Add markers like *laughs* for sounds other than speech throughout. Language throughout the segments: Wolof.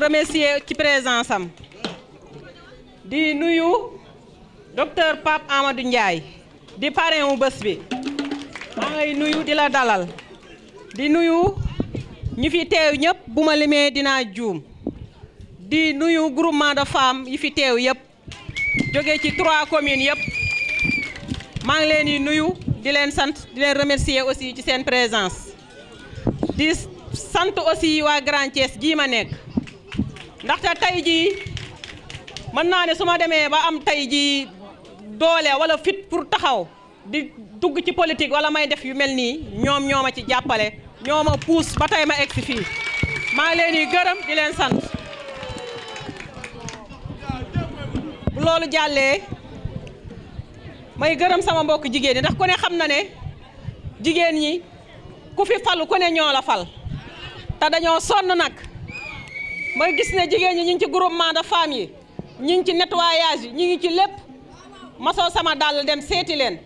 ko ci présence am di nuyu docteur Pape Amadou Ndiaye di parrain wu bés bi maa ngay nuyu di la dalal di nuyu ñi fi teew ñëpp bu ma limee dinaa juum di nuyu groupement de femmes yi fi teew yëpp jóge ci trois communes yëpp maa ngi leen di nuyu di leen sant di leen remercier aussi ci seen présence di sant aussi waa Grand Thiès ma nekk ndaxte tey jii mën naa ne su ma demee ba am tey ji doole wala fit pour taxaw di dugg ci politik wala may def yu mel nii ñoom ñoo ma ci jàppale ñooma ma puus ba tey ma egsi fii maa ngi leen di gërëm di leen sant loolu jàllee may gërëm sama mbokk jigéen yi ndax ku ne xam na ne jigéen ñi ku fi falu ku ne ñoo la fal te dañoo sonn nag ma gis ne jigéen ñi ñu ngi ci groupement de femmes yi ñu ngi ci nettoyage yi ñu ngi ci lépp ma soo sama dàll dem seeti leen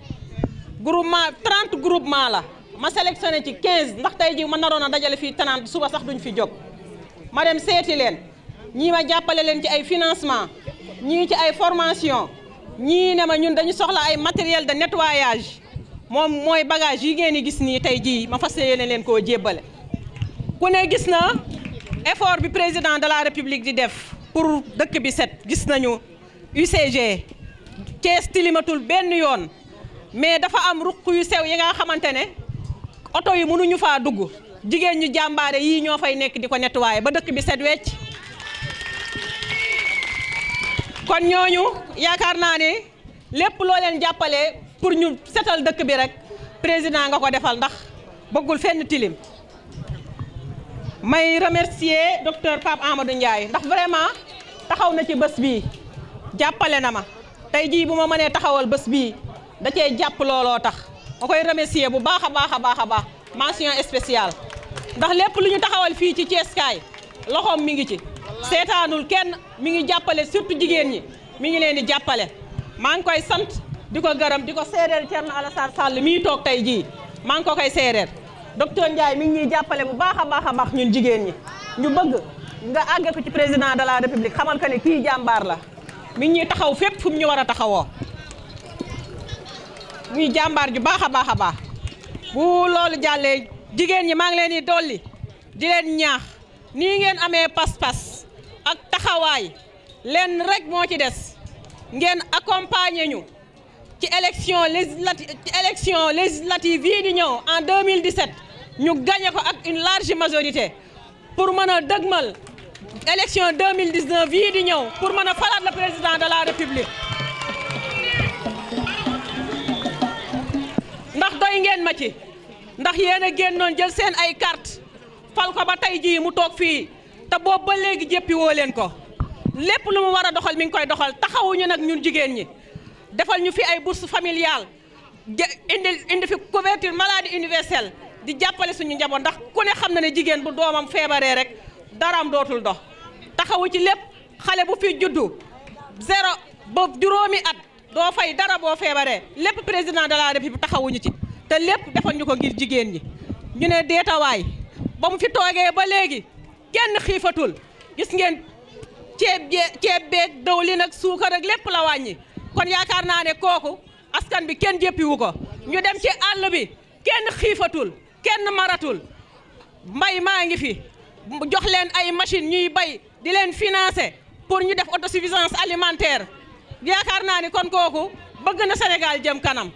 groupement 30 groupement la ma sélectionné ci 15 ndax tey ji ma naroon a dajale fii 30 suba sax duñ fi jog ma dem seeti leen ñii ma jàppale leen ci ay financement ñii ci ay formation ñii ne ma ñun dañu soxla ay matériel de nettoyage moom mooy bagage yi ngeen di gis nii tey jii ma fas yéene leen koo jébbale ku ne gis na effort bi président de la république di def pour dëkk bi set gis nañu UCG Thiès tilimatul benn yoon mais dafa am ruq yu sew yi nga xamante ne oto yi mënuñu faa dugg jigéen ñu jàmbaare yii ñoo fay nekk di ko nettoyer ba dëkk bi set wecc kon ñooñu yaakaar naa ne lépp loo leen jàppale pour ñu setal dëkk bi rek président nga ko defal ndax bëggul fenn tilim may remercier docteur Pape Amadou Ndiaye ndax vraiment taxaw na ci bés bii jàppale na ma tey jii bu ma mënee taxawal bés bii da cee jàpp looloo tax ma koy remercier bu baax a baax a baax a baax mention spéciale ndax lépp lu ñu taxawal fii ci Thiès kaay loxoom mi ngi ci seetaanul kenn mi ngi jàppale surtout jigéen ñi mi ngi leen di jàppale maa ngi koy sant di ko gërëm di ko seeréer Thierno Alassane Sall mi toog tey jii maa ngi ko koy seeréer docteur Ndiaye mi ngi ñuy jàppale bu baax a baax a baax ñun jigéen ñi ñu bëgg nga àgge ci président de la république xamal ko ne kii jàmbaar la mi ngi taxaw fépp fu mu ñu war a taxawoo muy jàmbaar ju baax a baax a baax bu loolu jàllee jigéen ñi maa ngi leen di dolli di leen ñaax nii ngeen amee pas-pas ak taxawaay leen rek moo ci des ngeen accompagner ñu. ci élection législative ci élection législative yii di ñëw en 2017 ñu gagné ko ak une large majorité pour mën a dëgmal élection 2019 yii di ñëw pour mën a falaat le président de la république ndax doy ngeen ma ci ndax yéen a génnoon jël seen ay carte fal ko ba tey ji mu toog fii te boobu ba léegi jéppi woo leen ko lépp lu mu war a doxal mi ngi koy doxal taxawuñu nag ñu jigéen ñi defal ñu fi ay bourse familiale indi indi fi couverture maladie universelle di jàppale suñu njaboot ndax ku ne xam na ne jigéen bu doomam feebaree rek daraam dootul dox taxawu ci lépp xale bu fi juddu zéro ba juróomi at doo fay dara boo feebaree lépp président de la république taxawuñu ci te lépp defal ñu ko ngir jigéen ñi ñu ne deetawaay ba mu fi toogee ba léegi kenn xiifatul gis ngeen ceeb ceeb beeg dawlin suukar ak lépp la wàññi kon yaakaar naa ne kooku askan bi kenn jéppiwu ko ñu dem ci àll bi kenn xiifatul kenn maratul mbay maa ngi fi jox leen ay machine ñuy bay di leen financer pour ñu def autosuffisance alimentaire yaakaar naa ni kon kooku bëgg na Sénégal jëm kanam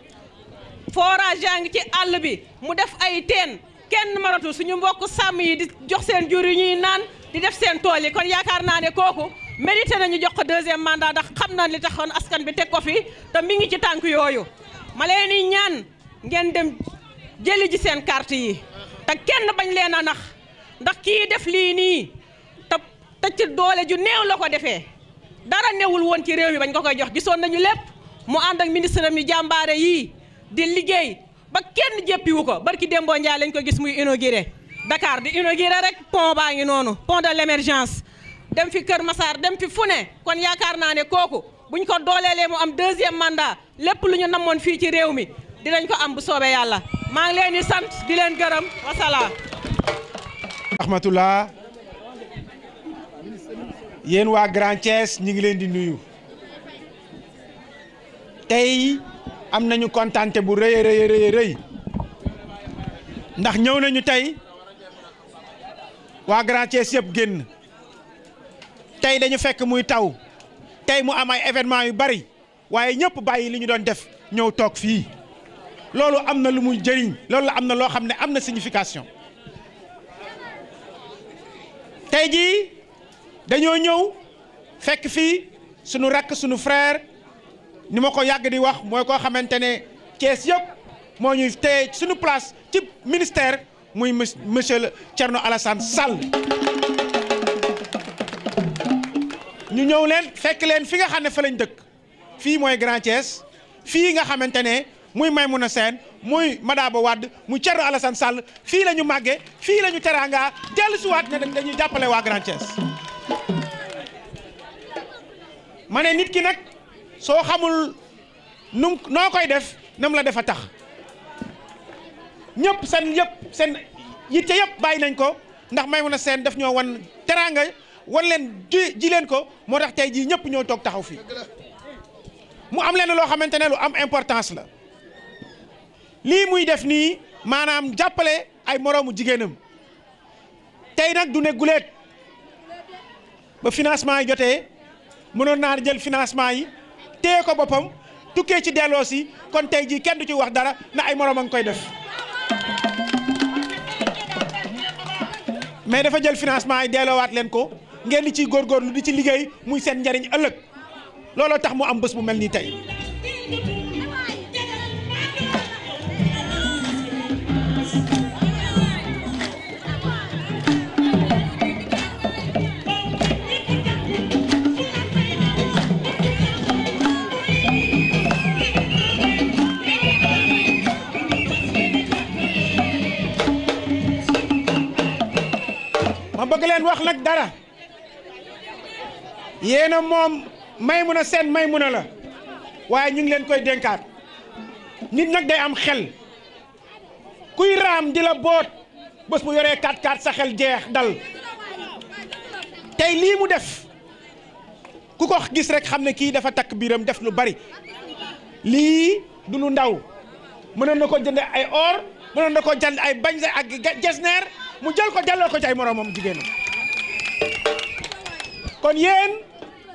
forage yaa ngi ci àll bi mu def ay teen kenn maratul suñu mbokk sàmm yi di jox seen jur yi ñuy naan di def seen tool yi kon yaakaar naa ne kooku mérité nañu jox ko deuxième mandat ndax xam na li taxoon askan bi teg ko fi te mi ngi ci tànk yooyu ma leen ñaan ngeen dem jëli ji seen carte yi te kenn bañ leen a nax ndax kii def lii nii ta te ci doole ju néew la ko defee dara newul woon ci réew mi bañ ko ko jox gisoon nañu lépp mu ànd ak ministre am yu jàmbaare yii di liggéey ba kenn jéppiwu ko barki Dembo Ndiaye lañ ko gis muy inauguré Dakar di inauguré rek pont baa ngi noonu pont de l' émergence dem fi Kër masaar dem fi fu ne kon yaakaar naa ne kooku buñ ko dooleelee mu am deuxième mandat lépp lu ñu namoon fii ci réew mi dinañ ko am bu soobee yàlla maa ngi leen di sant di leen gërëm wasalaam. rahmatullah yéen waa Grand Thiès ñi ngi leen di nuyu tey am nañu kontaante bu rëy rëy rëy ndax ñëw nañu tey waa Grand Thiès yëpp génn. tey dañu fekk muy taw tey mu am ay événement yu bari waaye ñëpp bàyyi li ñu doon def ñëw toog fii loolu am na lu muy jëriñ loolu am na loo xam ne am na signification tey jii dañoo ñëw fekk fii suñu rakk suñu frère ni ma ko yàgg di wax mooy koo xamante ne Thiès yëpp moo ñuy téye suñu place ci ministère muy monsieur Thierno Alassane Sall. ñu ñëw leen fekk leen fi nga xam ne fa lañ dëkk fii mooy Grand fii nga xamante ne muy Maimouna Sène muy wàdd mu muy Thierno Alassane sàll fii lañu màggee fii la ñu teraanga dellu si waat ne dañuy jàppale waa Grand ma ne nit ki nag soo xamul num noo koy def nam la def a tax ñëpp seen yëpp seen yitte yëpp bàyyi nañ ko ndax Maimouna seen daf ñoo wan teraanga wan leen ji ji leen ko moo tax tey jii ñëpp ñoo toog taxaw fii mu am leen loo xamante ne lu am importance la lii muy def nii maanaam jàppale ay moroomu jigéenam tey nag du ne guleet ba financement yi jotee mënoon naa jël financement yi téye ko boppam tukkee ci delloo si kon tey jii kenn du ci wax dara na ay moroom a ngi koy def mais dafa jël financement yi delloowaat leen ko ngeen di ciy góorgóorlu di ci liggéey muy seen njariñ ëllëg looloo tax mu am bés bu mel nii tey ma leen wax nag dara moom yéen a moom may seen Maymuna la waaye ñu ngi leen koy denkaat nit nag day am xel kuy raam di la boot bés mu yoree 4-4 sa xel jeex dal tey lii mu def ku ko gis rek xam ne kii dafa takk biiram def lu bari lii du lu ndaw mënoon na ko jënd ay or mënoon na ko jënd ay bañse ak jesneer mu jal ko jàlloo ko ci ay moroomam jigéenam kon yéen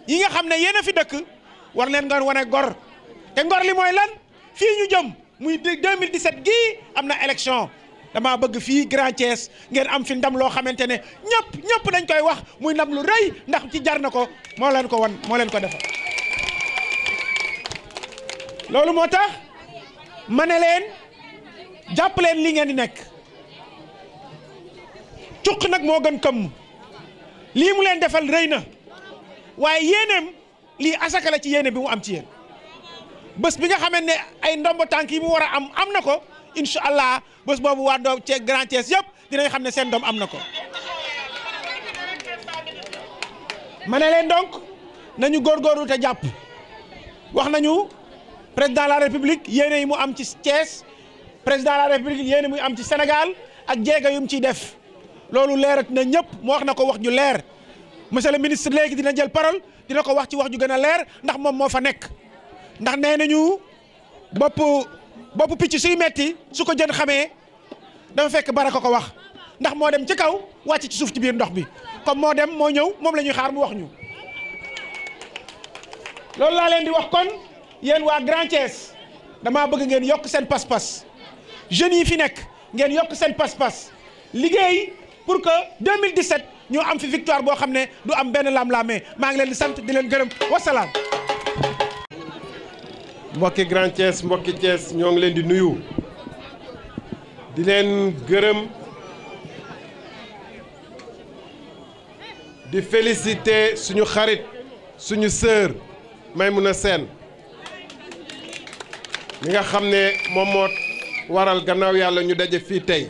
yi nga xam ne yéen a fi dëkk war leen nga wane gor te ngor li mooy lan fii ñu jëm muy 2017 gii am na élection damaa bëgg fii Grand Thiès ngeen am fi ndam loo xamante ne ñépp ñëpp dañ koy wax muy ndam lu rëy ndax ci jar na ko moo leen ko wan moo leen ko defal loolu moo tax ma ne leen jàpp leen li ngeen di nekk cuq nag moo gën këmm lii mu leen defal rëy na waaye yéeneem lii asaka la ci yéene bi mu am ci yéen bës bi nga xamee ne ay ndombo tànk yi mu war a am am na ko incha allah bés boobu waa doom ci Grand Thiès yëpp dinañ xam ne seen doom am na ko. ma ne leen donc nañu góorgóorlu te jàpp wax nañu président la république yéene yi mu am ci Thiès président de la république yéene muy am ci Sénégal ak jéego yu mu ciy def loolu leerat na ñëpp mu wax na ko wax ñu leer. monsieur le ministre léegi dina jël parole dina ko wax ci wax ju gën a leer ndax moom moo fa nekk ndax nee nañu bopp bopp picc suy metti su ko jën xamee dafa fekk baraka ko wax ndax moo dem ci kaw wàcc ci suuf ci biir ndox bi comme moo dem moo ñëw moom la ñuy xaar mu wax ñu loolu laa leen di wax kon yéen waa Grand Thiès damaa bëgg ngeen yokk seen pas-pas jeunes yi fi nekk ngeen yokk seen pas-pas liggéey pour que 2017 ñoo am fi victoire boo xam ne du am benn lam-laamee maa ngi leen di sant di leen gërëm wasalaam. mbokki Grand Thiès mbokki Thiès ñoo ngi leen di nuyu di leen gërëm di féliciter suñu xarit suñu sœur a seen mi nga xam ne moom waral gannaaw yàlla ñu daje fii tey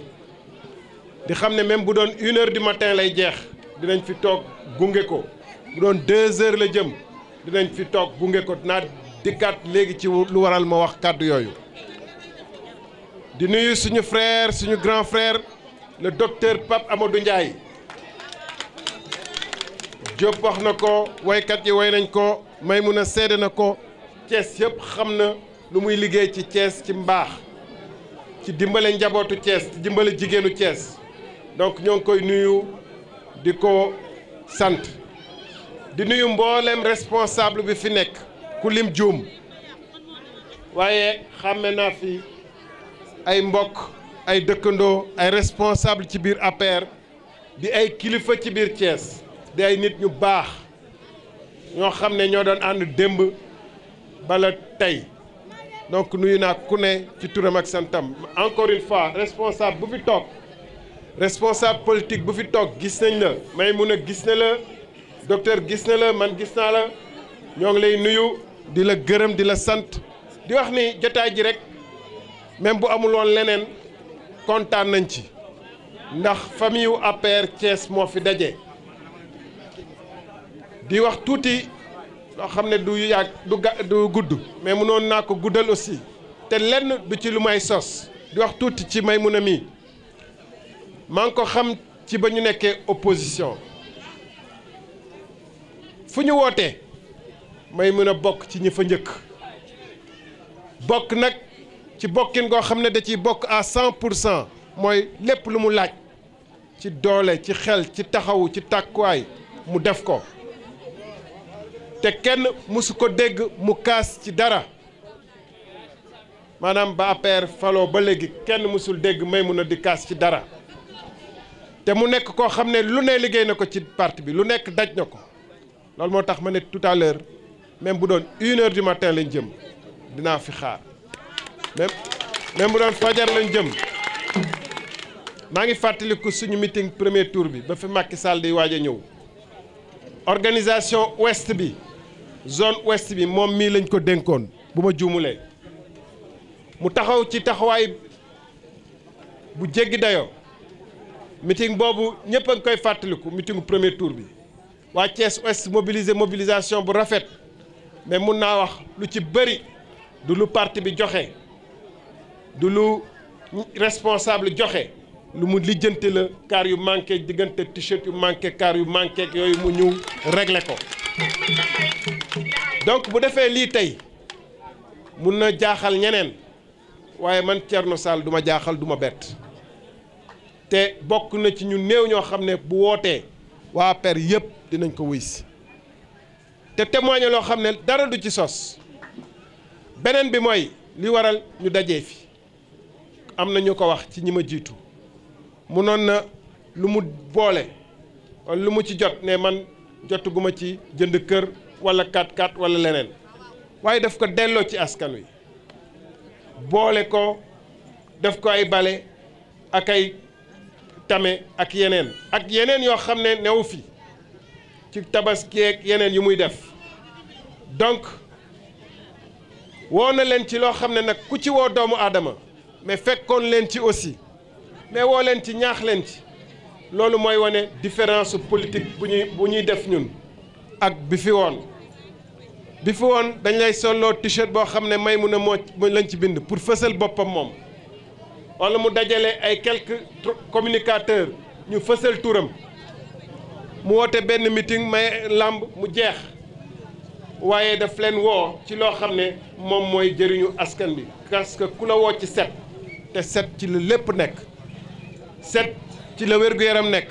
di xam ne même bu doon une heure matin lay jeex dinañ fi toog gunge ko bu doon deux heures la jëm dinañ fi toog gunge ko naa dikkaat léegi ci lu waral ma wax kàddu yooyu di nuyu suñu frère suñu grand frère le docteur Pape Amadou njaay Diop wax na ko woykat yi way nañ ko Maymuna seede na ko Thiès yëpp xam na lu muy liggéey ci cees ci mbaax ci dimbale njabootu Thiès ci dimbale jigéenu cees donc ñoo ngi koy nuyu di ko sant di nuyu mboolem responsable bi fi nekk ku lim juum waaye xàmme naa fi ay mbokk ay dëkkandoo ay responsable ci biir APR di ay kilifa ci biir Thiès di ay nit ñu baax ñoo xam ne ñoo doon ànd démb bala tey donc nuyu naa ku ne ci turam ak santam encore fois responsable bu fi toog responsable politique bu fi toog gis nañ la mun Maïmouna gis na la docteur gis na la man gis naa la ñoo ngi lay nuyu di la gërëm di la sant di wax ni jotaay ji rek même bu amul woon leneen kontaan nañ ci ndax famille wu APR Thiès moo fi daje di wax tuuti loo xam ne du yàgg du ga du gudd mais mënoon naa ko guddal aussi te lenn du ci lu may sos di wax tuuti ci may mun Maïmouna mii maa ngi ko xam ci ba ñu nekkee opposition fu ñu wootee may mën a bokk ci ñi fa njëkk bokk nag ci bokkin goo xam ne da ciy bokk à cent pour cent mooy lépp lu mu laaj ci doole ci xel ci taxawu ci tàkkuwaay mu def ko te kenn mësu ko dégg mu kaas ci dara maanaam ba APR faloo ba léegi kenn mësul dégg may Maimouna di kaas ci dara te mu nekk koo xam ne lu ne liggéey na ko ci parti bi lu nekk daj na ko loolu moo tax ma ne tout à bu doon une heure du matin lañ jëm dinaa fi xaar même même bu doon fajar lañ jëm maa ngi fàttaliku suñu mitin premier tour bi ba fi Macky Sall di waaj a ñëw organisation west bi zone west bi moom mii lañ ko dénkoon bu ma juumulee mu taxaw ci taxawaay bu jéggi dayoo meeting boobu ñëpp a ngi koy fàttaliku meeting premier tour bi waa Thiès Ouest mobilisé mobilisation bu rafet mais mun naa wax lu ci bëri du lu parti bi joxe du lu responsable joxe lu mu lijjanti la kaar yu manqué diggante t-shirt yu manqué kaar yu manqué yooyu mu ñëw regle ko donc bu defee lii tey mun na jaaxal ñeneen waaye man Thierno Sall du ma jaaxal du ma bett. te bokk na ci ñu néew ñoo xam ne bu wootee waa per yëpp dinañ ko wuy te témoigné loo xam ne dara du ci sos beneen bi mooy li waral ñu dajee fi am na ñu ko wax ci ñi ma jiitu mu noon na lu mu boole wala lu mu ci jot ne man jotuguma ci jënd kër wala 4-4 wala leneen waaye daf ko delloo ci askan wi boole ko def ko ay bale ak ay tame ak yeneen ak yeneen yoo xam ne newu fi ci tabaski ak yeneen yu muy def donc woo na leen ci loo xam ne nag ku ci woo doomu aadama mais fekkoon leen ci aussi mais woo leen ci ñaax leen ci loolu mooy wane différence politique bu ñuy bu ñuy def ñun ak bi fi woon bi fi woon dañ lay solloo t boo xam ne may mun a moo lañ ci bind pour fësal boppam moom wala mu dajale ay quelques communicateurs ñu fësal turam mu woote benn meeting may làmb mu jeex waaye daf leen woo ci loo xam ne moom mooy jëriñu askan bi parce que ku la woo ci set te set ci la lépp nekk set ci la wér-gu-yaram nekk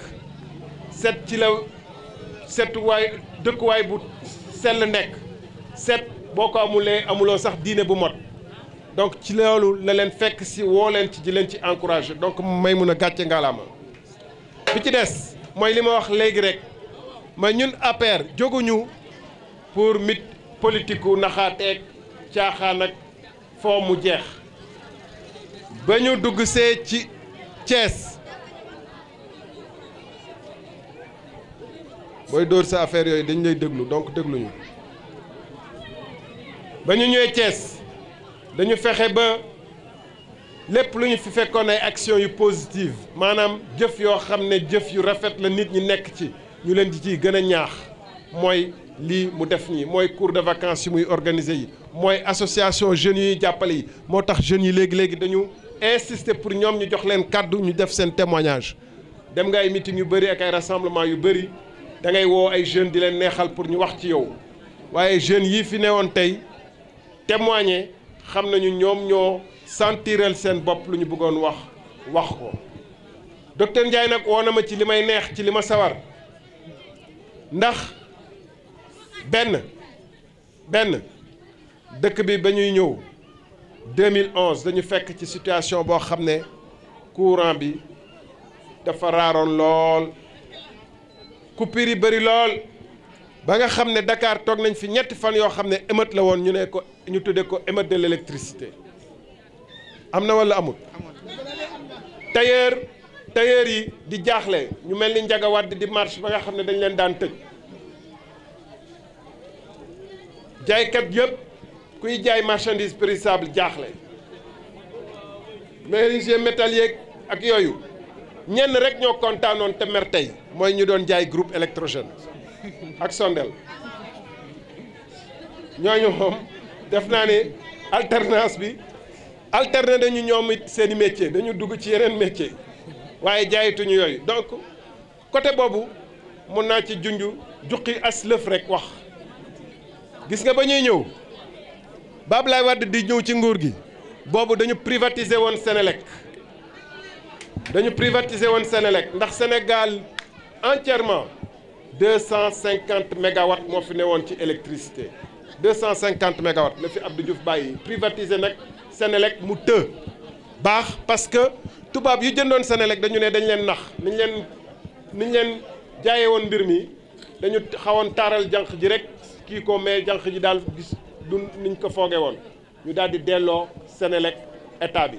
set ci la setuwaay dëkkuwaay bu sell nekk set boo ko amulee amuloo sax diine bu mot donc ci loolu la leen fekk si woo leen ci di ci encouragé donc may mun a gàcce ngaalaama bi ci des mooy li ma wax léegi rek ma ñun APR jóguñu pour mit politique gu naxaateeg caaxaan ak foo mu jeex ba ñu dugg see ci Thiès booy dóor sa affaire yooyu dañ lay déglu donc dégluñu ba ñu ñëwee Thiès. dañu fexe ba lépp lu ñu fi fekkoon ay action yu positive maanaam jëf yoo xam ne jëf yu rafet la nit ñi nekk ci ñu leen di ciy gën a ñaax mooy lii mu def nii mooy cours de vacance yi muy organiser yi mooy association jeunes yuy jàppale yi moo tax jeunes yi léegi-léegi dañu insister pour ñoom ñu jox leen kàddu ñu def seen témoignage dem nga ay meeting yu bëri ak ay rassemblement yu bëri da ngay woo ay jeunes di leen neexal pour ñu wax ci yow waaye jeunes yii fi newoon tey témoigner xam nañu ñoom ñoo sentiral seen bopp lu ñu bëggoon wax wax ko docteur Ndiaye nag woo na ci li may neex ci li ma sawar ndax benn benn dëkk bi ba ñuy ñëw 2011 dañu fekk ci situation boo xam ne courant bi dafa raaroon lool coupure yi bëri lool. ba nga xam ne Dakar toog nañ fi ñetti fan yoo xam ne émeute la woon ñu ne ko ñu tuddee ko émeute de l'électricité am na wala amul tailleur tailleur yi di jaaxle ñu mel ni Ndiaga Wade di marche ba nga xam ne dañu leen daan tëj jaaykat yëpp kuy jaay marchandise périssable jaaxle menuisier métallier ak yooyu ñenn rek ñoo kontaanoon te mer tey mooy ñu doon jaay groupe électrogène ak sondel ñooñu moom def naa ne alternance bi alterner dañu ñoom it seen i métier dañu dugg ci yeneen métier waaye jaayituñu yooyu donc côté boobu mën naa ci junj juqi as lëf rek wax gis nga ba ñuy ñëw ba Abdoulaye Wade di ñëw ci nguur gi boobu dañu privatiser woon Sénélec dañu privatiser woon Sénélec ndax Sénégal entièrement deux cent cinquante mégawatts moo fi ne woon ci électricité deux cent cinquante mégawatts la fi Abdou Diouf bàyyi privatiser nag Senelec mu të baax parce que tubaab yu jëndoon Senelec dañu ne dañu leen nax niñ leen niñ leen jaayee woon mbir mi dañu xawoon taaral jànq ji rek kii ko mais jànq ji daal gis du niñ ko foogee woon ñu daal di delloo Senelec état bi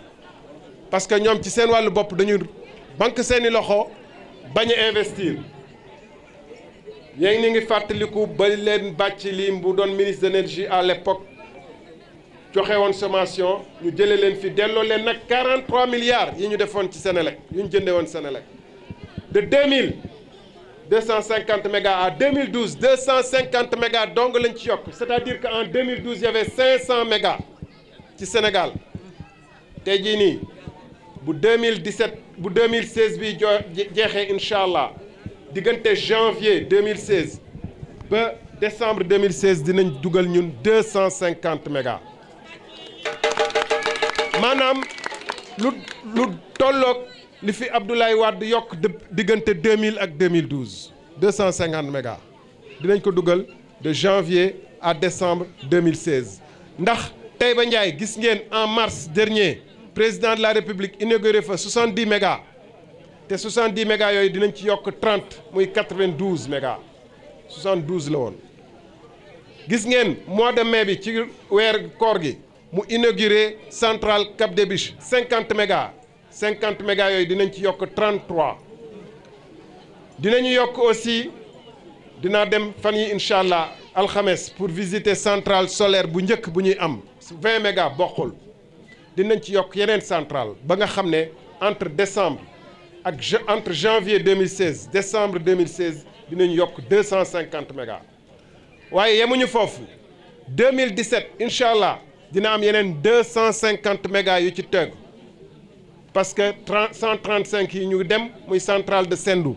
parce que ñoom ci seen wàllu bopp dañu banque seeni loxo bañ investir yéen ni ngi fàttaliku ba leen bàcc lii bu doon ministre de l'énergie à l'époque joxe woon sommation ñu jëlee leen fi delloo leen nag 43 milliards yi ñu defoon ci Sénélec yu ñu jëndee woon Sénélec de 2000 250 mégas à 2012 250 mégas dong lañ ci yokk c'est-à-dire que en 2012 y avait 500 mégas ci Sénégal tey jii nii bu 2017 bu 2016 bi jo jeexee incha allah. diggante janvier 2016 ba décembre 2016 dinañ dugal ñun 250 mégas maanaam lu lu tolloog li fi Abdoulaye Wade yokk diggante 2000 ak 2012 250 mégas dinañ ko dugal de janvier à décembre 2016 ndax ba Ndiaye gis ngeen en mars dernier président de la République inauguré fa 70 mégas te 70 mégas yooyu dinañ ci yokk 30 muy 92 mégas 72 la woon gis ngeen mois de mai bi ci weer koor gi mu inauguré centrale Cap des Biches 50 mégas 50 yooyu dinañ ci yokk 33 dinañu yokk aussi dinaa dem fan yi incha allah alxames pour visiter centrale solaire bu njëkk bu ñuy am 20 mégas bokkul dinañ ci yokk yeneen centrale ba nga xam ne entre décembre. ak entre janvier 2016 décembre 2016 dinañ yokk 250 mégas waaye yemuñu foofu 2017 incha allah dina am yeneen 250 mégas yu ci tëgg parce que 30 135 yi ñu dem muy centrale de Sendou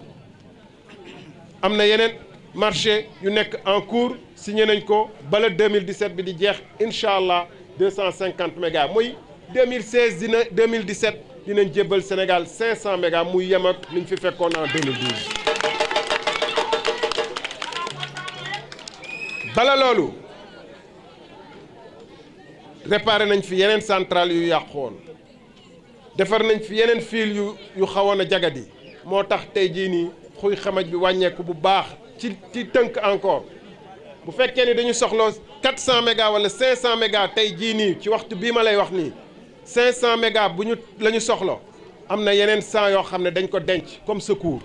am na yeneen marché yu nekk en cours signé nañ ko bala 2017 bi di jeex incha allah 250 mégas muy 2016 dina 2017. dinañ jébbal Sénégal 500 mégas muy yem ak li ñu fi fekkoon en 2012. bala loolu réparé nañ fi yeneen centrale yu yàqoon defar nañ fi yeneen fil yu xawoon a jagadi moo tax tey jii nii xuy xamaj bi wàññeeku bu baax ci ci tënk encore. bu fekkee ni dañu soxla 400 mégas wala 500 mégas tey jii nii ci waxtu bii ma lay wax nii. 500 méga bu ñu la ñu soxla am na yeneen 100 yoo xam ne dañ ko denc comme secours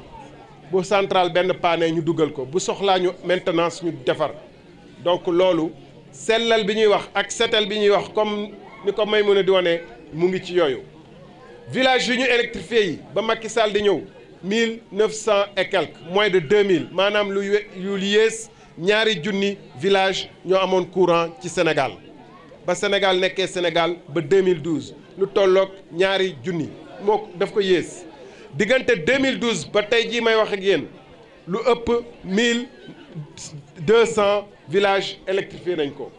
bu centrale benn paane ñu dugal ko bu soxlaa ñu maintenance ñu defar donc loolu sellal bi ñuy wax ak setal bi ñuy wax comme ni ko may mën a di wane mu ngi ci yooyu village yu ñu électrifié yi ba Macky Sall di ñëw mille neuf cent et quelques de deux mille maanaam lu yu yées ñaari junni village ñoo amoon courant ci Sénégal ba Sénégal nekkee Sénégal ba 2012 lu tolloog ñaari junni moo daf ko yées diggante 2012 ba tey jii may wax ak yéen lu ëpp 1200 villages électrifié nañ ko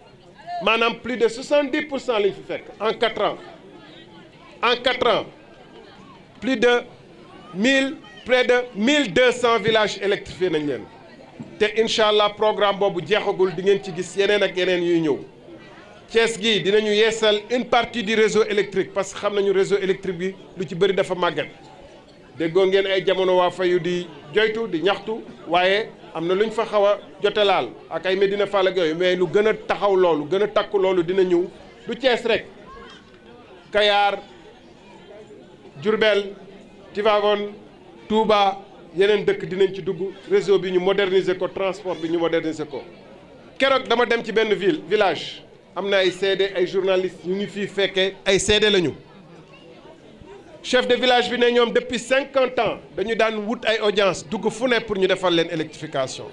maanaam plus de 70 pour cent lañ fi fekk en 4 en 4 ans plus de 1000 près de 1200 villages électrifié nañ leen te incha allah programme boobu jeexagul di ngeen ci gis yeneen ak yeneen yuy ñëw. Thiès gii dinañu yeesal une partie di réseau électrique parce que xam nañu réseau électrique bi lu ci bëri dafa màggat déggoo ngeen ay jamono waa fayu di joytu di ñaxtu waaye am na lu ñu fa xaw a jotelaal ak ay Medina Fall ak yooyu mais lu gën a taxaw loolu gën a takku loolu dina ñëw lu Thiès rek Kayar Diourbel Tivaouane Touba yeneen dëkk dinañ ci dugg réseau bi ñu moderniser ko transport bi ñu moderniser ko keroog dama dem ci benn ville village am na ay seede ay journalistes ñu ngi fii fekkee ay seede lañu chef de village bi ne ñoom depuis cinquante ans dañu daan wut ay audience dugg fu ne pour ñu defal leen électrification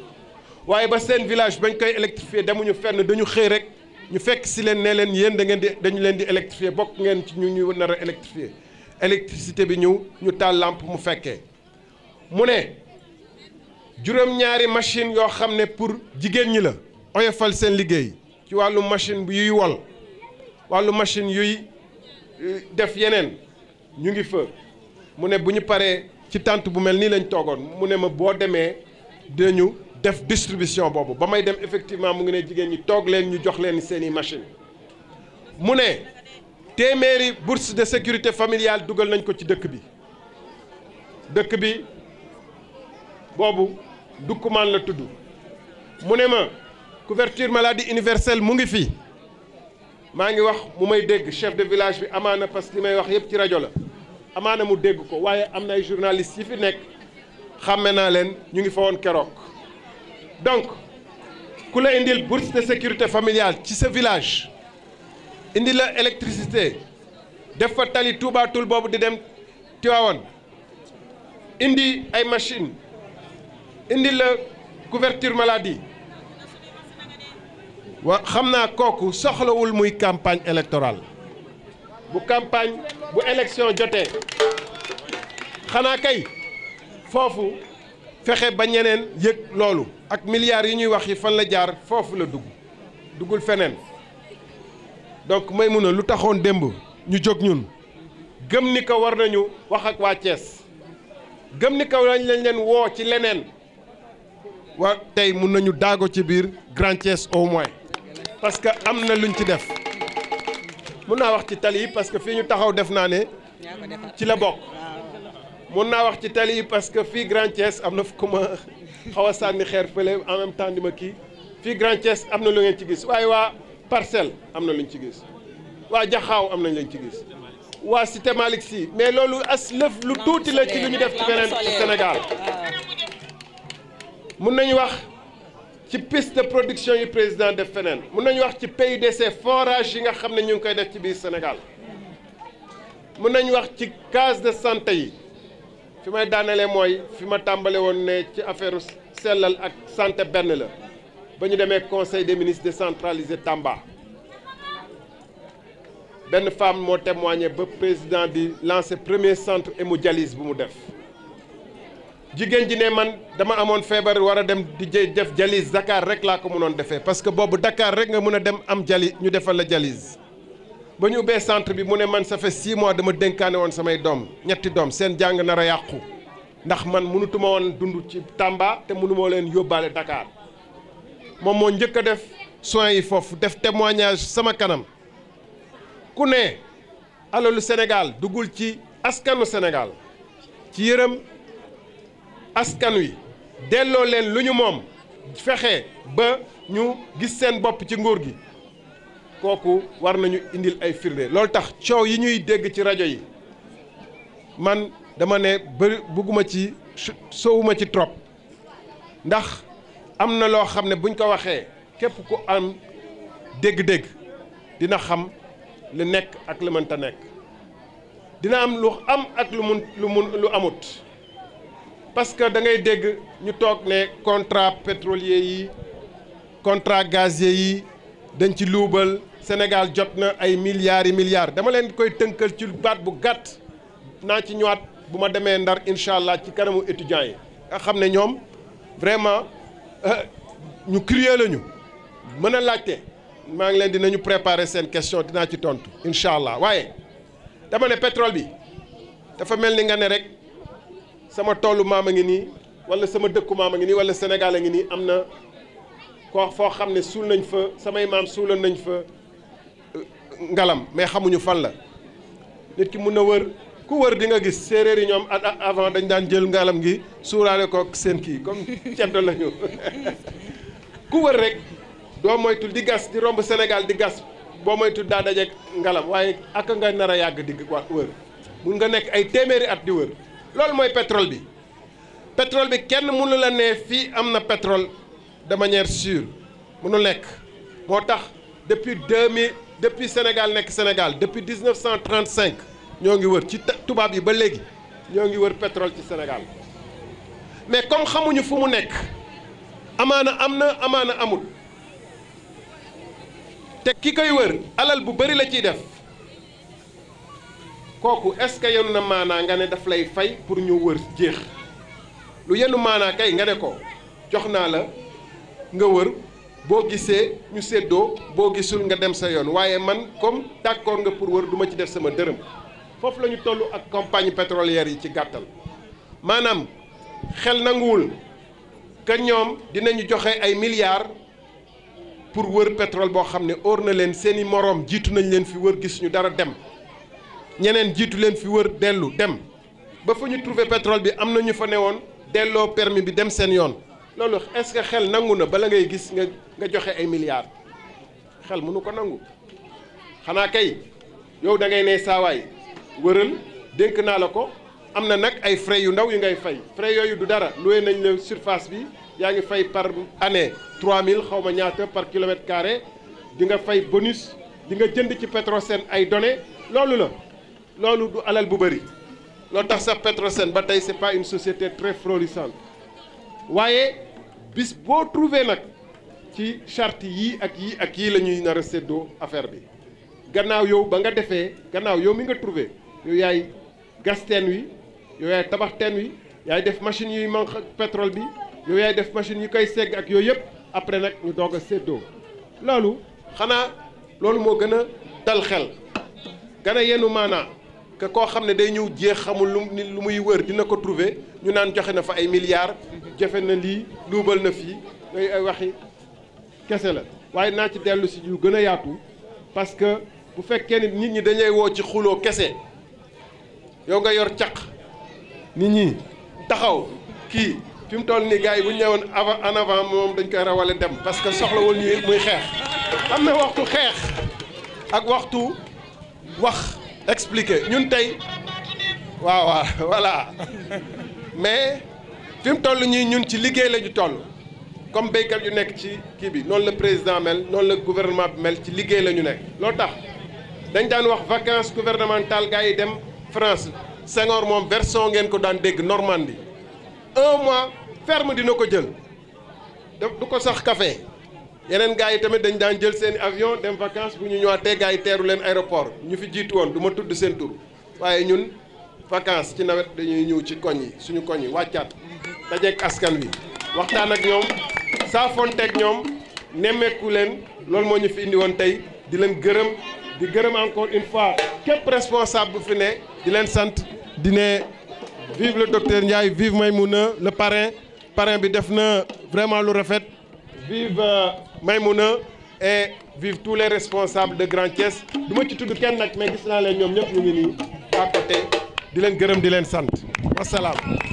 waaye ba seen village bañ koy électrifier demuñu fenn dañu xëy rek ñu fekk si leen nee leen yéen da ngeen di dañu leen di électrifier bokk ngeen ci ñu ñu nar a électrifier électricité bi ñëw ñu taal làmp mu fekkee mu ne juróom-ñaari machine yoo xam ne pour jigéen ñi la oyofal seen liggéey ci wàllu machine yuy wol wàllu machine yuy eh, def yeneen ñu ngi fa mu ne bu ñu paree ci tànt bu mel nii lañ toogoon mu ne ma boo demee dinañu def distribution boobu ba may dem effectivement mu ngi ne jigéen ñi toog leen ñu jox leen seeni machine mu ne téeméeri bourse de sécurité familiale dugal nañ ko ci dëkk bi dëkk bi boobu dukkumaan la tudd mu ne ma couverture maladi universelle mu ngi fi maa ngi wax mu may dégg chef de village bi amaana parce que li may wax yëpp ci rajo la amaana mu dégg ko waaye am na ay journalistes yi fi nekk xàmme naa leen ñu ngi fa woon keroog donc ku la indil bourse de sécurité familiale ci sa village indi la électricité def fa tali tuubaatul boobu di dem Tiwaawan indi ay machine indi la couverture maladi waa xam naa kooku soxlawul muy campagne électorale bu campagne bu élection jotee xanaa kay foofu fexe ba ñeneen yëg loolu ak milliards yi ñuy wax yi fan la jaar foofu la dugg duggul feneen donc may mun a lu taxoon démb ñu jóg ñun gëm ni ko war nañu wax ak waa Thiès gëm ni ko lañ leen woo ci leneen wa tey mun nañu daago ci biir Grand Thiès au moins parce que am na luñ ci def mun naa wax ci tali yi parce que fii ñu taxaw def naa ne ci la bokk mun naa wax ci tali yi parce que fii Grand Thiès am na fukk ma xaw a sànni xeer fële en même temps di ma kii fii Grand Thiès am na lu ngeen ci gis waaye waa Parcelles am na lu luñ ci gis waa Jaxaaw am nañ lañ ci gis waa Cité Malick Sy mais loolu as lëf lu tuuti la ci lu ñu def ci beneen senegaal mun nañu wax. ci piste de production yi président def feneen mun nañu wax ci se forage yi nga xam ne ñu ngi koy def ci biir senegal mun nañu wax ci case de santé yi fi may daanale mooy fi ma tàmbale woon ne ci affaire sellal ak santé benn la ba ñu demee conseil des de décentralisé Tamba benn femme moo témoigné ba président di lancer premier centre hémodialyse bu mu def jigéen ji ne man dama amoon feebar war a dem di def dialyse Dakar rek laa ko mënoon defee parce que boobu Dakar rek nga mën a dem am dialyse ñu defal la dialyse ba ñu ubbee centre bi mu ne man ça fait six mois dama dénkaane woon samay doom ñetti doom seen jàng nar a yàqu ndax man mënutuma woon dund ci Tamba te mënuma leen yóbbaale Dakar moom moo njëkk a def soins yi foofu def témoignage sama kanam ku ne alalu Sénégal duggul ci askanu Sénégal ci yërëm. askan wi delloo leen lu ñu moom fexe ba ñu gis seen bopp ci nguur gi kooku war nañu indil ay firnde loolu tax coow yi ñuy dégg ci rajo yi man dama ne bëri bugguma ci sowuma ci trop ndax am na loo xam ne buñ ko waxee képp ku am dégg-dégg dina xam lu nekk ak lu mënta nekk dina am lu am ak lu mun lu mun lu amut parce que da ngay dégg ñu toog ne contrat pétrolier yi contrat gazier yi dañ ci luubal Sénégal jot na ay milliards yi milliards dama leen koy tënkal ci baat bu gàtt naa ci ñëwaat bu ma demee ndar incha allah ci kanamu étudiants yi nga xam ne ñoom vraiment euh, ñu crier lañu mën a laajte maa ngi leen dinañu préparer seen question dinaa ci tontu incha allah waaye dama ne pétrole bi dafa mel ni nga ne rek. sama toolu maam a ngi nii wala sama dëkku maam a ngi nii wala Sénégal a ngi nii am na ko foo xam ne suul nañ fa samay maam suuloon nañ fa euh, ngalam mais xamuñu fan la nit ki mun na wër ku wër di nga gis séeréer yi ñoom avant dañ daan jël ngalam gi suuraale ko seen kii comme *laughs* ceddo lañu *laughs* ku wër rek doo moytul di gas di romb Sénégal di gas boo moytul daa dajeeg ngalam waaye ak nga nar a yàgg di wër mun nga nekk ay téeméeri at di wër loolu mooy pétrole bi pétrole bi kenn mënu la ne fii am na pétrole de manière sûre mënu nekk moo tax depuis deux mille depuis Sénégal nekk Sénégal depuis dix neuf cent ñoo ngi wër ci tubaab yi ba léegi ñoo ngi wër pétrole ci Sénégal mais comme xamuñu fu mu nekk amaana am na amaana amul te ki koy wër alal bu bari la ciy def. kooku est-ce que yenu na maanaa nga ne daf lay fay pour ñu wër jeex lu yenu maanaa kay nga ne ko jox naa la nga wër boo gisee ñu séddoo boo gisul nga dem sa yoon waaye man comme d'accord nga pour wër duma ci def sama dërëm foofu la ñu toll ak compagnie pétrolière yi ci gàttal maanaam xel nanguwul que ñoom dinañu joxe ay milliards pour wër pétrole boo xam ne óor na leen seeni moroom jiitu nañ leen fi wër gis ñu dara dem ñeneen jiitu leen fi wër dellu dem ba fu ñu trouvé pétrole bi am na ñu fa woon delloo permis bi dem seen yoon loolu est-ce que xel nangu na bala ngay gis nga nga joxe ay milliards xel mënu ko nangu xanaa kay yow da ngay ne saawaay wëral dénk naa la ko am na nag ay frais yu ndaw yu ngay fay frais yooyu du dara loué nañ la surface bi yaa ngi fay par année 3000 xaw ma ñaata par kilomètre carré di nga fay bonus di nga jënd ci Petrosen ay données loolu la. loolu du alal bu bëri loo tax sax Petrosen ba tey c'est pas une société très florissante waaye bis boo trouvé nag ci charte yii ak yii ak yii lañuy ñuy nar a séddoo affaire bi gannaaw yow ba nga defee gannaaw yow mi nga trouvé yow yaay gas wi yow yaay tabax wi yaay def machine yuy manque ak pétrole bi yow yaay def machine yu koy segg ak yooyu yëpp après nag ñu doog a séddoo loolu xanaa loolu moo gën a dal xel gën a yenu maanaa que koo xam ne day ñëw jeex xamul lu lu muy wër dina ko trouver ñu naan joxe na fa ay milliards jafe na lii luubal na fii yooyu ay waxi kese la waaye naa ci dellu si yu gën a yaatu parce que bu fekkee nit nit ñi dañuy woo ci xuloo kese yow nga yor caq nit ñi taxaw kii fi mu toll nii gars yi bu ñu ñëwoon avant en avant moom dañ koy rawale dem parce que soxlawul ñuy muy xeex am na waxtu xeex ak waxtu wax expliquer ñun tey waaw waaw *laughs* voilà mais fi mu toll ñii ñun ci liggéey la ñu toll comme béykat yu nekk ci kii bi noonu la président mel noonu la gouvernement bi mel ci liggéey la ñu nekk. loo tax dañ daan wax vacances gouvernementales gaa yi dem France Senghor moom version ngeen ko daan dégg Normandie un mois ferme dina ko jël du ko sax kafe yeneen gars yi tamit dañ daan jël seen avion dem vacances bu ñu ñëwaatee gars yi teeru leen aéroport ñu fi jiitu woon du ma tudd seen tur waaye ñun vacances ci nawet dañuy ñëw ci koñ yi suñu koñ yi wàccaat dajeek askan wi waxtaan ak ñoom saafonteeg ñoom nemmeeku leen loolu moo ñu fi indi woon tey di leen gërëm di gërëm encore une fois képp responsable bu fi ne di leen sant di ne vive le docteur Ndiaye vive na le pare pare bi def na vraiment lu rafet euh, Maïmouna e vive tous les responsables de Grand Thiès du ma ci tudd kenn nag mais gis naa leen ñoom ñëpp ñu ngi nii à côté di leen gërëm di leen sant wasalaam.